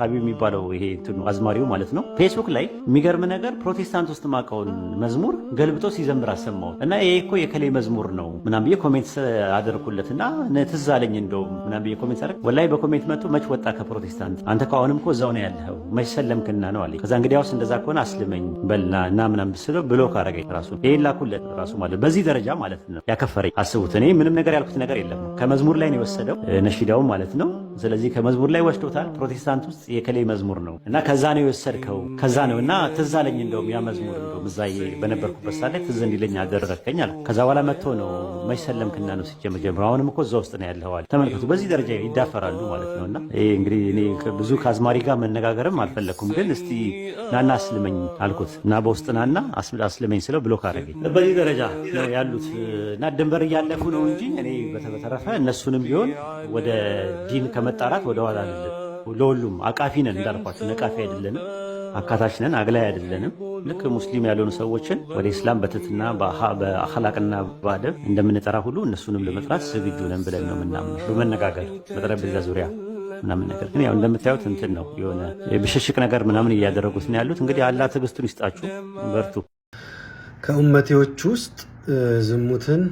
ሀቢብ የሚባለው ይሄ እንትኑ አዝማሪው ማለት ነው። ፌስቡክ ላይ የሚገርም ነገር ፕሮቴስታንት ውስጥ ማቀውን መዝሙር ገልብጦ ሲዘምር አሰማሁት እና ይሄ እኮ የከሌ መዝሙር ነው ምናም ብዬ ኮሜንት አደርኩለት እና ትዝ አለኝ እንደውም ምናምን ብዬ ኮሜንት አደርግ ወላሂ በኮሜንት መጡ መች ወጣ ከፕሮቴስታንት አንተ ከአሁንም እኮ እዛው ነው ያለኸው መች ሰለምክና ነው አለ። ከዛ እንግዲያውስ እንደዛ ከሆነ አስልመኝ በልና እና ምናም ብስለው ብሎክ አደረገኝ ራሱ ይሄን ላኩለት ራሱ ማለት በዚህ ደረጃ ማለት ነው ያከፈረኝ። አስቡት እኔ ምንም ነገር ያልኩት ነገር የለም ከመዝሙር ላይ ነው የወሰደው ነሺዳው ማለት ነው። ስለዚህ ከመዝሙር ላይ ወስዶታል ፕሮቴስታንት ውስጥ የከሌ መዝሙር ነው እና ከዛ ነው የወሰድከው ከዛ ነው እና ትዝ አለኝ። እንደውም ያ መዝሙር እንደውም እዛ በነበርኩበት ሳለ ትዝ እንዲለኝ አደረከኝ አለ። ከዛ በኋላ መጥቶ ነው መች ሰለምክና ነው ሲጀምር ጀምሮ አሁንም እኮ እዛ ውስጥ ነው ያለኸዋል። ተመልከቱ፣ በዚህ ደረጃ ይዳፈራሉ ማለት ነው። እና እንግዲህ እኔ ብዙ ከአዝማሪ ጋር መነጋገርም አልፈለግኩም፣ ግን እስቲ ናና አስልመኝ አልኩት እና በውስጥ ናና አስልመኝ ስለው ብሎክ አደረገኝ። በዚህ ደረጃ ነው ያሉት እና ድንበር እያለፉ ነው እንጂ እኔ በተረፈ እነሱንም ቢሆን ወደ ዲን ከመጣራት ወደ ኋላ ለሁሉም አቃፊ ነን እንዳልኳችሁ፣ ነቃፊ አይደለንም፣ አካታች ነን፣ አግላይ አይደለንም። ልክ ሙስሊም ያልሆኑ ሰዎችን ወደ ኢስላም በትትና በአክላቅና በአደብ እንደምንጠራ ሁሉ እነሱንም ለመጥራት ዝግጁ ነን ብለን ነው የምናምነው። በመነጋገር በጠረጴዛ ዙሪያ ምናምን ነገር ግን ያው እንደምታዩት እንትን ነው የሆነ ብሽሽቅ ነገር ምናምን እያደረጉት ነው ያሉት። እንግዲህ አላህ ትዕግስቱን ይስጣችሁ፣ በርቱ። ከኡመቴዎች ውስጥ ዝሙትን፣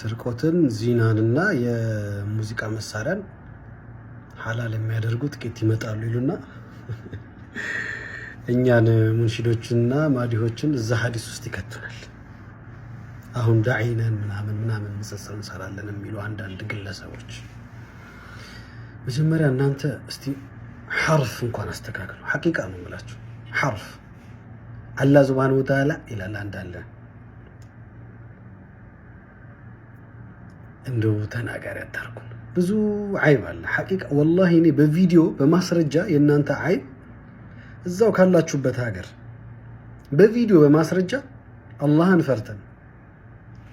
ስርቆትን፣ ዚናንና የሙዚቃ መሳሪያን ሀላል የሚያደርጉት ቄት ይመጣሉ ይሉና እኛን ሙንሺዶችንና ማዲሆችን እዛ ሀዲስ ውስጥ ይከቱናል። አሁን ዳዒነን ምናምን ምናምን ንጽጽር እንሰራለን የሚሉ አንዳንድ ግለሰቦች መጀመሪያ እናንተ እስቲ ሐርፍ እንኳን አስተካክሉ። ሐቂቃ ነው የምላችሁ። ሐርፍ አላ ሱብሓነሁ ወተዓላ ይላል አንዳለ እንደው ተናጋሪ አታርጉን። ብዙ አይብ አለ። ሐቂቃ ወላሂ እኔ በቪዲዮ በማስረጃ የእናንተ አይብ እዛው ካላችሁበት ሀገር በቪዲዮ በማስረጃ አላህን ፈርተን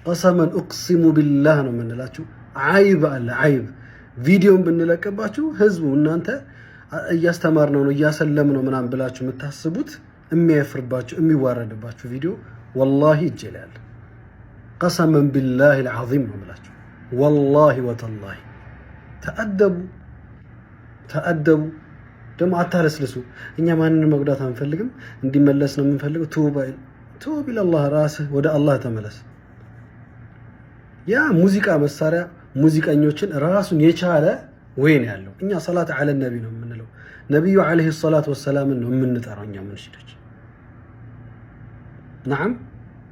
ቀሰመን እቅሲሙ ቢላህ ነው የምንላችሁ። አይብ አለ አይብ። ቪዲዮን ብንለቅባችሁ ህዝቡ እናንተ እያስተማር ነው እያሰለም ነው ምናምን ብላችሁ የምታስቡት የሚያፍርባችሁ የሚዋረድባችሁ ቪዲዮ ወላሂ ይጀላል። ቀሰመን ቢላህ ልዓዚም ነው የምላችሁ ወላሂ ወተላሂ ተአደቡ ተአደቡ ደግሞ አታለስልሱ። እኛ ማንን መጉዳት አንፈልግም፣ እንዲመለስ ነው የምንፈልገው። ቱብ ኢለላህ፣ ራስህ ወደ አላህ ተመለስ። ያ ሙዚቃ መሳሪያ ሙዚቀኞችን ራሱን የቻለ ወይ ነው ያለው። እኛ ሰላት አለ ነቢ ነው የምንለው። ነቢዩ ዓለይሂ ሰላት ወሰላምን ነው የምንጠራው እኛ ምንሽዶች። ነዓም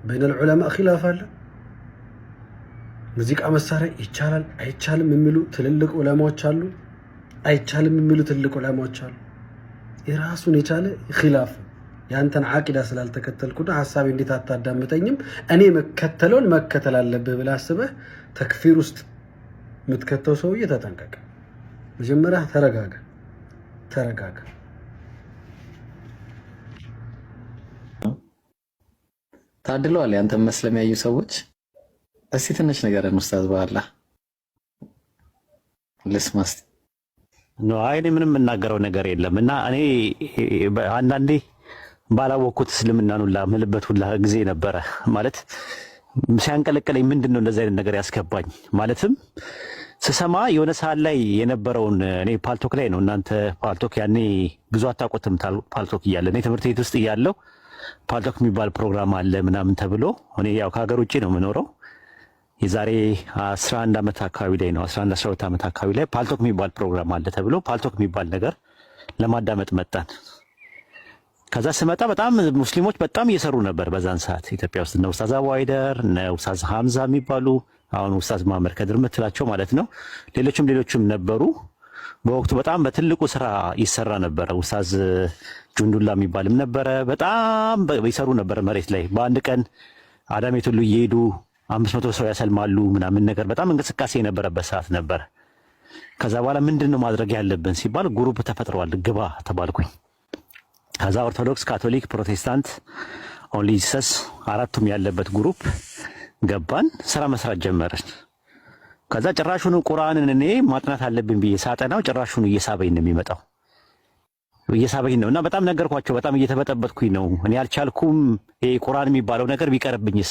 በይነል ዑለማ ኪላፍ አለ። ሙዚቃ መሳሪያ ይቻላል አይቻልም የሚሉ ትልልቅ ዑለማዎች አሉ፣ አይቻልም የሚሉ ትልልቅ ዑለማዎች አሉ። የራሱን የቻለ ኺላፍ የአንተን አቂዳ ስላልተከተልኩና ሀሳቤ እንዴት አታዳምጠኝም? እኔ መከተለውን መከተል አለብህ ብለህ አስበህ ተክፊር ውስጥ የምትከተው ሰውዬ ተጠንቀቀ። መጀመሪያ ተረጋጋ፣ ተረጋጋ። ታድለዋል። ያንተን መስለሚያዩ ሰዎች እስቲ ትንሽ ነገር ኡስታዝ በኋላ ልስማስ እስቲ። አይ እኔ ምንም የምናገረው ነገር የለም እና እኔ አንዳንዴ ባላወቅኩት እስልምናን ሁላ ምልበት ሁላ ጊዜ ነበረ ማለት ሲያንቀለቀለኝ ምንድን ነው እንደዚህ አይነት ነገር ያስገባኝ ማለትም ስሰማ የሆነ ሰዓት ላይ የነበረውን እኔ ፓልቶክ ላይ ነው። እናንተ ፓልቶክ ያኔ ብዙ አታውቁትም። ፓልቶክ እያለ እኔ ትምህርት ቤት ውስጥ እያለው ፓልቶክ የሚባል ፕሮግራም አለ ምናምን ተብሎ እኔ ያው ከሀገር ውጭ ነው የምኖረው የዛሬ 11 ዓመት አካባቢ ላይ ነው 11 12 ዓመት አካባቢ ላይ ፓልቶክ የሚባል ፕሮግራም አለ ተብሎ ፓልቶክ የሚባል ነገር ለማዳመጥ መጣን። ከዛ ስመጣ በጣም ሙስሊሞች በጣም እየሰሩ ነበር በዛን ሰዓት ኢትዮጵያ ውስጥ እነ ኡስታዝ አዋይደር እነ ኡስታዝ ሀምዛ የሚባሉ አሁን ኡስታዝ ማመር ከድር የምትላቸው ማለት ነው። ሌሎችም ሌሎችም ነበሩ። በወቅቱ በጣም በትልቁ ስራ ይሰራ ነበረ። ኡስታዝ ጁንዱላ የሚባልም ነበረ። በጣም ይሰሩ ነበር መሬት ላይ በአንድ ቀን አዳሜት ቱሉ እየሄዱ አምስት መቶ ሰው ያሰልማሉ ምናምን ነገር በጣም እንቅስቃሴ የነበረበት ሰዓት ነበር። ከዛ በኋላ ምንድን ነው ማድረግ ያለብን ሲባል ጉሩፕ ተፈጥሯል፣ ግባ ተባልኩኝ። ከዛ ኦርቶዶክስ፣ ካቶሊክ፣ ፕሮቴስታንት ኦንሊ ጂሰስ አራቱም ያለበት ጉሩፕ ገባን፣ ስራ መስራት ጀመረን ከዛ ጭራሹኑ ቁርአንን እኔ ማጥናት አለብኝ ብዬ ሳጠናው ጭራሹኑ እየሳበኝ ነው የሚመጣው እየሳበኝ ነው እና በጣም ነገርኳቸው። በጣም እየተበጠበጥኩኝ ነው እኔ አልቻልኩም። ይሄ ቁርአን የሚባለው ነገር ቢቀርብኝስ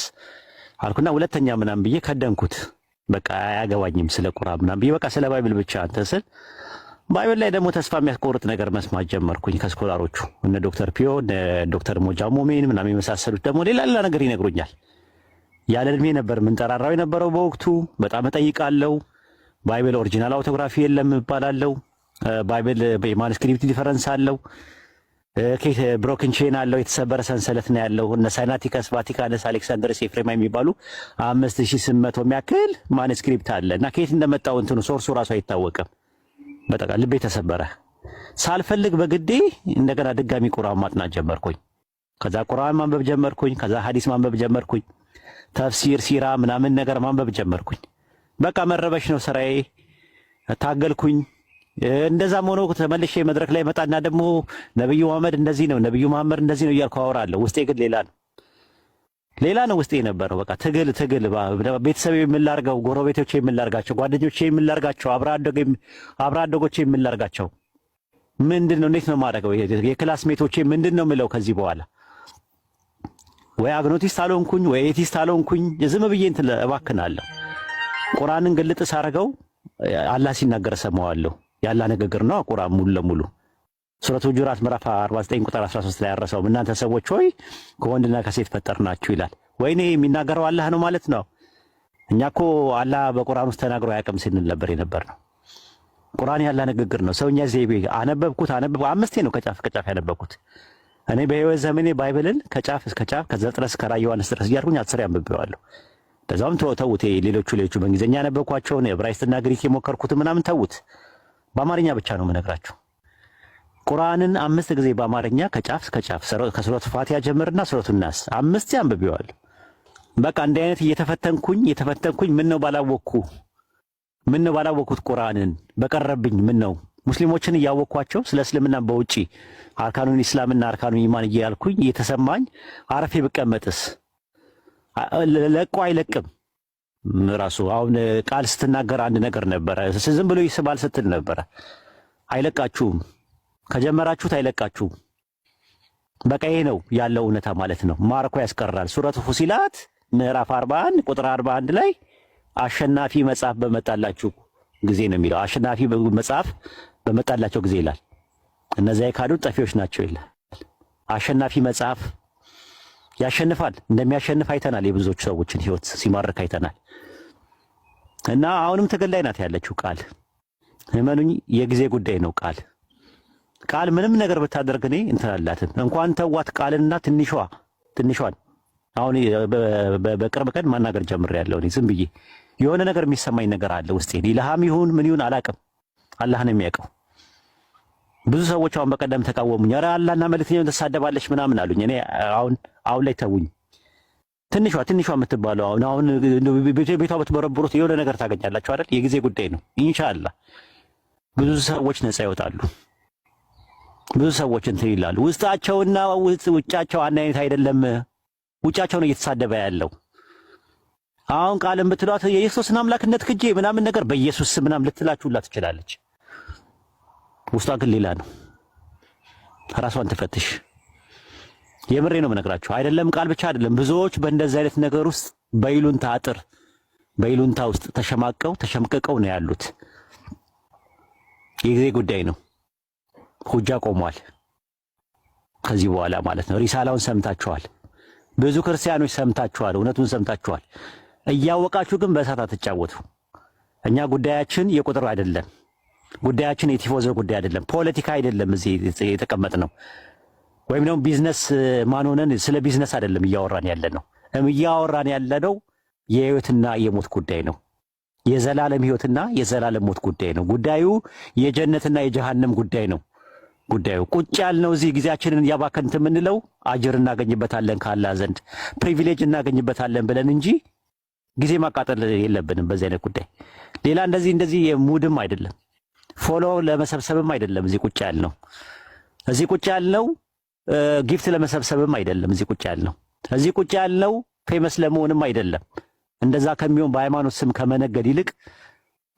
አልኩና ሁለተኛ ምናምን ብዬ ከደንኩት። በቃ አያገባኝም ስለ ቁርአን ምናምን ብዬ በቃ ስለ ባይብል ብቻ እንትን ስል ባይብል ላይ ደግሞ ተስፋ የሚያስቆርጥ ነገር መስማት ጀመርኩኝ ከስኮላሮቹ እነ ዶክተር ፒዮ እነ ዶክተር ሞጃ ሞሜን ምናምን የመሳሰሉት ደግሞ ሌላ ሌላ ነገር ይነግሩኛል። ያለ እድሜ ነበር የምንጠራራው የነበረው በወቅቱ። በጣም እጠይቃለሁ። ባይብል ኦሪጂናል አውቶግራፊ የለም እባላለሁ። ባይብል የማንስክሪፕት ዲፈረንስ አለው ብሮክን ቼን አለው የተሰበረ ሰንሰለት ነው ያለው። እነ ሳይናቲከስ፣ ቫቲካንስ፣ አሌክሳንደርስ ኤፍሬማ የሚባሉ አምስት ሺህ ስምንት መቶ የሚያክል ማንስክሪፕት አለ እና ከየት እንደመጣው እንትኑ ሶርሱ ራሱ አይታወቅም። በጠቃ ልቤ ተሰበረ። ሳልፈልግ በግዴ እንደገና ድጋሚ ቁርአን ማጥናት ጀመርኩኝ። ከዛ ቁርአን ማንበብ ጀመርኩኝ። ከዛ ሀዲስ ማንበብ ጀመርኩኝ። ተፍሲር፣ ሲራ ምናምን ነገር ማንበብ ጀመርኩኝ። በቃ መረበሽ ነው ስራዬ። ታገልኩኝ። እንደዛም ሆኖ ተመልሼ መድረክ ላይ መጣና ደግሞ ነብዩ መሐመድ እንደዚህ ነው፣ ነብዩ መሐመድ እንደዚህ ነው እያልኩ አወራለሁ። ውስጤ ግን ሌላ ነው፣ ሌላ ነው ውስጤ የነበረው። በቃ ትግል ትግል፣ ቤተሰብ የምላርገው፣ ጎረቤቶች የምላርጋቸው፣ ጓደኞች የምላርጋቸው፣ አብረ አደጎቼ የምላርጋቸው ምንድን ነው እንዴት ነው ማድረገው? የክላስ ምንድን ነው የምለው? ከዚህ በኋላ ወይ አግኖቲስት አልሆንኩኝ ወይ ኤቲስት አልሆንኩኝ፣ ዝም ብዬ እንትን እባክናለሁ። ቁርአንን ግልጥ ሳረገው አላህ ሲናገር ሰማዋለሁ። ያላ ንግግር ነው ቁርአን ሙሉ ለሙሉ ሱረቱ ሁጁራት ምዕራፍ 49 ቁጥር 13 ላይ ያረሰው እናንተ ሰዎች ሆይ ከወንድና ከሴት ፈጠርናችሁ ይላል። ወይኔ የሚናገረው አላህ ነው ማለት ነው። እኛ እኮ አላህ በቁርአን ውስጥ ተናግሮ አያውቅም ስንል ነበር የነበር ነው። ቁርአን ያላ ንግግር ነው። ሰውኛ ዘይቤ አነበብኩት አነበብኩ አምስቴ ነው ከጫፍ ከጫፍ ያነበብኩት እኔ በህይወት ዘመኔ ባይብልን ከጫፍ እስከ ጫፍ ከዘፍጥረት እስከ ራዕየ ዮሐንስ ድረስ እያልኩኝ አስር ያንብቤዋለሁ። በዛውም ተውት ሌሎቹ ሌሎቹ በእንግሊዝኛ ያነበብኳቸውን ዕብራይስጥና ግሪክ የሞከርኩት ምናምን ተውት። በአማርኛ ብቻ ነው የምነግራችሁ። ቁርአንን አምስት ጊዜ በአማርኛ ከጫፍ እስከ ጫፍ ከሱረት ፋቲያ ጀምርና ሱረቱ ናስ አምስት አንብቤዋል። በቃ እንዲህ አይነት እየተፈተንኩኝ እየተፈተንኩኝ ምን ነው ባላወቅኩ ምን ነው ባላወቅኩት ቁርአንን በቀረብኝ ምን ነው ሙስሊሞችን እያወቅኳቸው ስለ እስልምና በውጪ አርካኑን ኢስላምና አርካኑ ኢማን እያልኩኝ እየተሰማኝ አረፌ ብቀመጥስ ለቆ አይለቅም ምራሱ አሁን ቃል ስትናገር አንድ ነገር ነበረ። ዝም ብሎ ይስባል ስትል ነበረ። አይለቃችሁም፣ ከጀመራችሁት አይለቃችሁም። በቃ ይሄ ነው ያለው እውነታ ማለት ነው። ማርኮ ያስቀራል። ሱረቱ ፉሲላት ምዕራፍ 41 ቁጥር 41 ላይ አሸናፊ መጽሐፍ በመጣላችሁ ጊዜ ነው የሚለው። አሸናፊ መጽሐፍ በመጣላቸው ጊዜ ይላል። እነዚያ የካዱ ጠፊዎች ናቸው ይላል። አሸናፊ መጽሐፍ ያሸንፋል፣ እንደሚያሸንፍ አይተናል። የብዙዎቹ ሰዎችን ህይወት ሲማርክ አይተናል። እና አሁንም ትግል ላይ ናት ያለችው ቃል። እመኑኝ የጊዜ ጉዳይ ነው። ቃል ቃል ምንም ነገር ብታደርግ እኔ እንትን እንኳን ተዋት ቃልንና ትንሿ ትንሿን አሁን በቅርብ ቀን ማናገር ጀምር እኔ ዝም ብዬ የሆነ ነገር የሚሰማኝ ነገር አለ ውስጤ። ሊልሃም ይሁን ምን ይሁን አላቅም፣ አላህ ነው የሚያውቀው። ብዙ ሰዎች አሁን በቀደም ተቃወሙኝ። ኧረ አላና መልእክተኛውን ትሳደባለች ምናምን አሉኝ። እኔ አሁን አሁን ላይ ተውኝ። ትንሿ ትንሿ የምትባለው አሁን አሁን ቤቷ ብትበረብሩት የሆነ ነገር ታገኛላችሁ አይደል? የጊዜ ጉዳይ ነው። ኢንሻላ ብዙ ሰዎች ነጻ ይወጣሉ። ብዙ ሰዎች እንትን ይላሉ። ውስጣቸውና ውጫቸው አንድ አይነት አይደለም። ውጫቸው ነው እየተሳደበ ያለው። አሁን ቃል ብትሏት የኢየሱስን አምላክነት ክጄ ምናምን ነገር በኢየሱስ ምናምን ልትላችሁላ ትችላለች። ውስጧ ግን ሌላ ነው። ራሷን ትፈትሽ። የምሬ ነው የምነግራችሁ። አይደለም ቃል ብቻ አይደለም። ብዙዎች በእንደዚህ አይነት ነገር ውስጥ በይሉንታ አጥር በይሉንታ ውስጥ ተሸማቀው ተሸምቅቀው ነው ያሉት። የጊዜ ጉዳይ ነው። ሁጃ ቆሟል። ከዚህ በኋላ ማለት ነው። ሪሳላውን ሰምታችኋል። ብዙ ክርስቲያኖች ሰምታችኋል። እውነቱን ሰምታችኋል። እያወቃችሁ ግን በእሳት አትጫወቱ። እኛ ጉዳያችን የቁጥር አይደለም። ጉዳያችን የቲፎዞ ጉዳይ አይደለም፣ ፖለቲካ አይደለም። እዚህ የተቀመጥ ነው ወይም ደግሞ ቢዝነስ ማንሆነን ስለ ቢዝነስ አይደለም እያወራን ያለ ነው። እያወራን ያለ ነው የህይወትና የሞት ጉዳይ ነው። የዘላለም ህይወትና የዘላለም ሞት ጉዳይ ነው። ጉዳዩ የጀነትና የጀሃነም ጉዳይ ነው። ጉዳዩ ቁጭ ያልነው እዚህ ጊዜያችንን እያባከንት የምንለው አጅር እናገኝበታለን ካላ ዘንድ ፕሪቪሌጅ እናገኝበታለን ብለን እንጂ ጊዜ ማቃጠል የለብንም በዚህ አይነት ጉዳይ። ሌላ እንደዚህ እንደዚህ የሙድም አይደለም። ፎሎ ለመሰብሰብም አይደለም እዚህ ቁጭ ያልነው። እዚህ ቁጭ ያልነው ጊፍት ለመሰብሰብም አይደለም እዚህ ቁጭ ያልነው። እዚህ ቁጭ ያልነው ፌመስ ለመሆንም አይደለም። እንደዛ ከሚሆን በሃይማኖት ስም ከመነገድ ይልቅ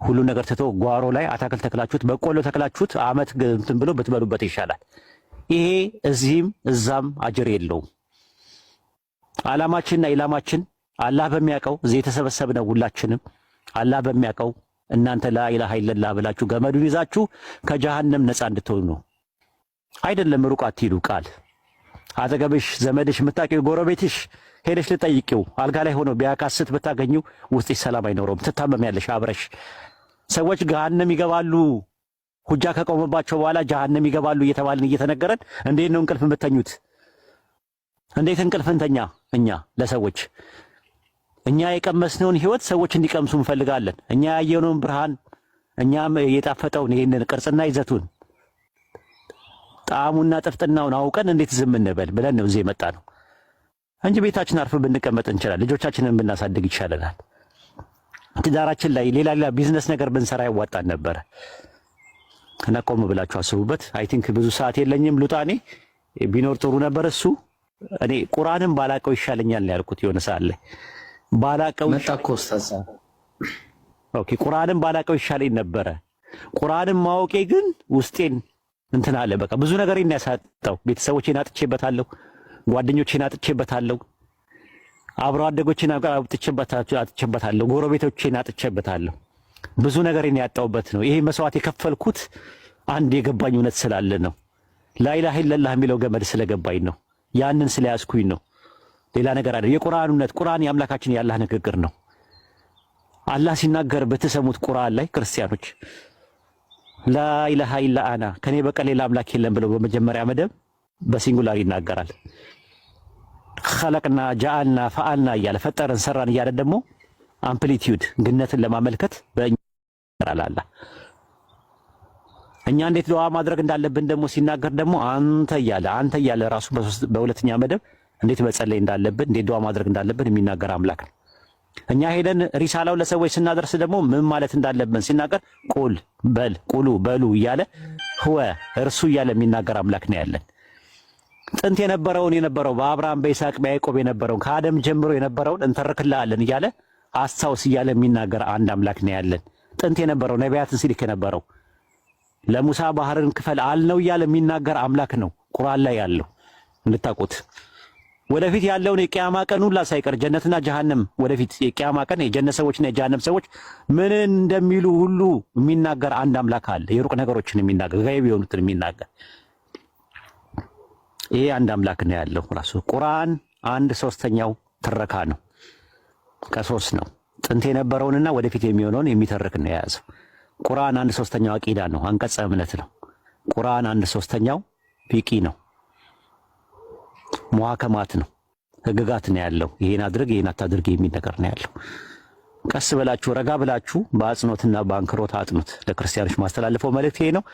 ሁሉ ነገር ትቶ ጓሮ ላይ አታክል ተክላችሁት በቆሎ ተክላችሁት አመት እንትን ብሎ ብትበሉበት ይሻላል። ይሄ እዚህም እዛም አጅር የለውም። አላማችንና ኢላማችን አላህ በሚያውቀው እዚህ የተሰበሰብነው ሁላችንም አላህ በሚያውቀው እናንተ ላኢላሃ ኢለላህ ብላችሁ ገመዱን ይዛችሁ ከጀሃነም ነፃ እንድትሆኑ ነው። አይደለም ሩቅ አትሂዱ። ቃል አጠገብሽ ዘመድሽ የምታውቂው ጎረቤትሽ ሄደሽ ልጠይቂው አልጋ ላይ ሆኖ ቢያካስት ብታገኙ ውስጥሽ ሰላም አይኖረውም። ትታመሚያለሽ አብረሽ። ሰዎች ገሃነም ይገባሉ ሁጃ ከቆመባቸው በኋላ ጀሃነም ይገባሉ እየተባልን እየተነገረን እንዴት ነው እንቅልፍ የምተኙት? እንዴት እንቅልፍ እንተኛ እኛ ለሰዎች እኛ የቀመስነውን ህይወት ሰዎች እንዲቀምሱ እንፈልጋለን። እኛ ያየነውን ብርሃን፣ እኛም የጣፈጠውን ይህንን ቅርጽና ይዘቱን ጣዕሙና ጥፍጥናውን አውቀን እንዴት ዝም እንበል ብለን ነው እዚህ የመጣ ነው እንጂ ቤታችን አርፈን ብንቀመጥ እንችላል። ልጆቻችንን ብናሳድግ ይሻለናል። ትዳራችን ላይ ሌላ ሌላ ቢዝነስ ነገር ብንሰራ ይዋጣን ነበረ እና ቆም ብላችሁ አስቡበት። አይ ቲንክ ብዙ ሰዓት የለኝም ሉጣኔ ቢኖር ጥሩ ነበር እሱ እኔ ቁርአንም ባላቀው ይሻለኛል ያልኩት የሆነ ሰዓት ላይ ባላቀው ኦኬ፣ ቁርአንን ባላቀው ይሻለኝ ነበረ። ቁርአንን ማወቄ ግን ውስጤን እንትን አለ። በቃ ብዙ ነገሬን ያሳጣው። ቤተሰቦቼን አጥቼበታለሁ፣ ጓደኞቼን አጥቼበታለሁ፣ አብሮ አደጎቼን አጥቼበታለሁ፣ ጎረቤቶቼን አጥቼበታለሁ። ብዙ ነገር ያጣውበት ነው። ይሄ መስዋዕት የከፈልኩት አንድ የገባኝ እውነት ስላለ ነው። ላኢላሃ ኢለላህ የሚለው ገመድ ስለገባኝ ነው። ያንን ስለያዝኩኝ ነው። ሌላ ነገር አይደለም። የቁርአን እውነት ቁርአን የአምላካችን የአላህ ንግግር ነው። አላህ ሲናገር በተሰሙት ቁርአን ላይ ክርስቲያኖች ላኢላሃ ኢላ አና ከኔ በቀር ሌላ አምላክ የለም ብለው በመጀመሪያ መደብ በሲንጉላር ይናገራል። ኸለቅና ጃአልና ፈአልና እያለ ፈጠርን ሰራን እያለ ደግሞ አምፕሊቲዩድ ግነትን ለማመልከት በእኛ እኛ እንዴት ዱዓ ማድረግ እንዳለብን ደግሞ ሲናገር ደግሞ አንተ እያለ አንተ እያለ ራሱ በሁለተኛ መደብ እንዴት መጸለይ እንዳለብን፣ እንዴት ዱዓ ማድረግ እንዳለብን የሚናገር አምላክ ነው። እኛ ሄደን ሪሳላው ለሰዎች ስናደርስ ደግሞ ምን ማለት እንዳለብን ሲናገር ቁል በል ቁሉ በሉ እያለ ህወ እርሱ እያለ የሚናገር አምላክ ነው ያለን። ጥንት የነበረውን የነበረው በአብርሃም በይስሐቅ በያዕቆብ የነበረውን ከአደም ጀምሮ የነበረውን እንተርክልሃለን እያለ አስታውስ እያለ የሚናገር አንድ አምላክ ነው ያለን። ጥንት የነበረው ነቢያትን ሲልክ የነበረው ለሙሳ ባህርን ክፈል አልነው እያለ የሚናገር አምላክ ነው ቁርአን ላይ ያለው እንድታውቁት ወደፊት ያለውን የቂያማ ቀን ሁላ ሳይቀር ጀነትና ጀሃነም ወደፊት የቂያማ ቀን የጀነት ሰዎችና የጀሃነም ሰዎች ምን እንደሚሉ ሁሉ የሚናገር አንድ አምላክ አለ። የሩቅ ነገሮችን የሚናገር ጋይብ የሆኑትን የሚናገር ይሄ አንድ አምላክ ነው ያለው። ራሱ ቁርአን አንድ ሶስተኛው ትረካ ነው፣ ከሶስት ነው። ጥንት የነበረውንና ወደፊት የሚሆነውን የሚተርክ ነው የያዘው። ቁርአን አንድ ሶስተኛው አቂዳ ነው፣ አንቀጸ እምነት ነው። ቁርአን አንድ ሶስተኛው ፊቂ ነው። መዋከማት ነው፣ ህግጋት ነው ያለው። ይሄን አድርግ ይሄን አታድርግ የሚል ነገር ነው ያለው። ቀስ ብላችሁ ረጋ ብላችሁ በአጽኖትና በአንክሮት አጥኑት። ለክርስቲያኖች ማስተላለፈው መልእክት ይሄ ነው።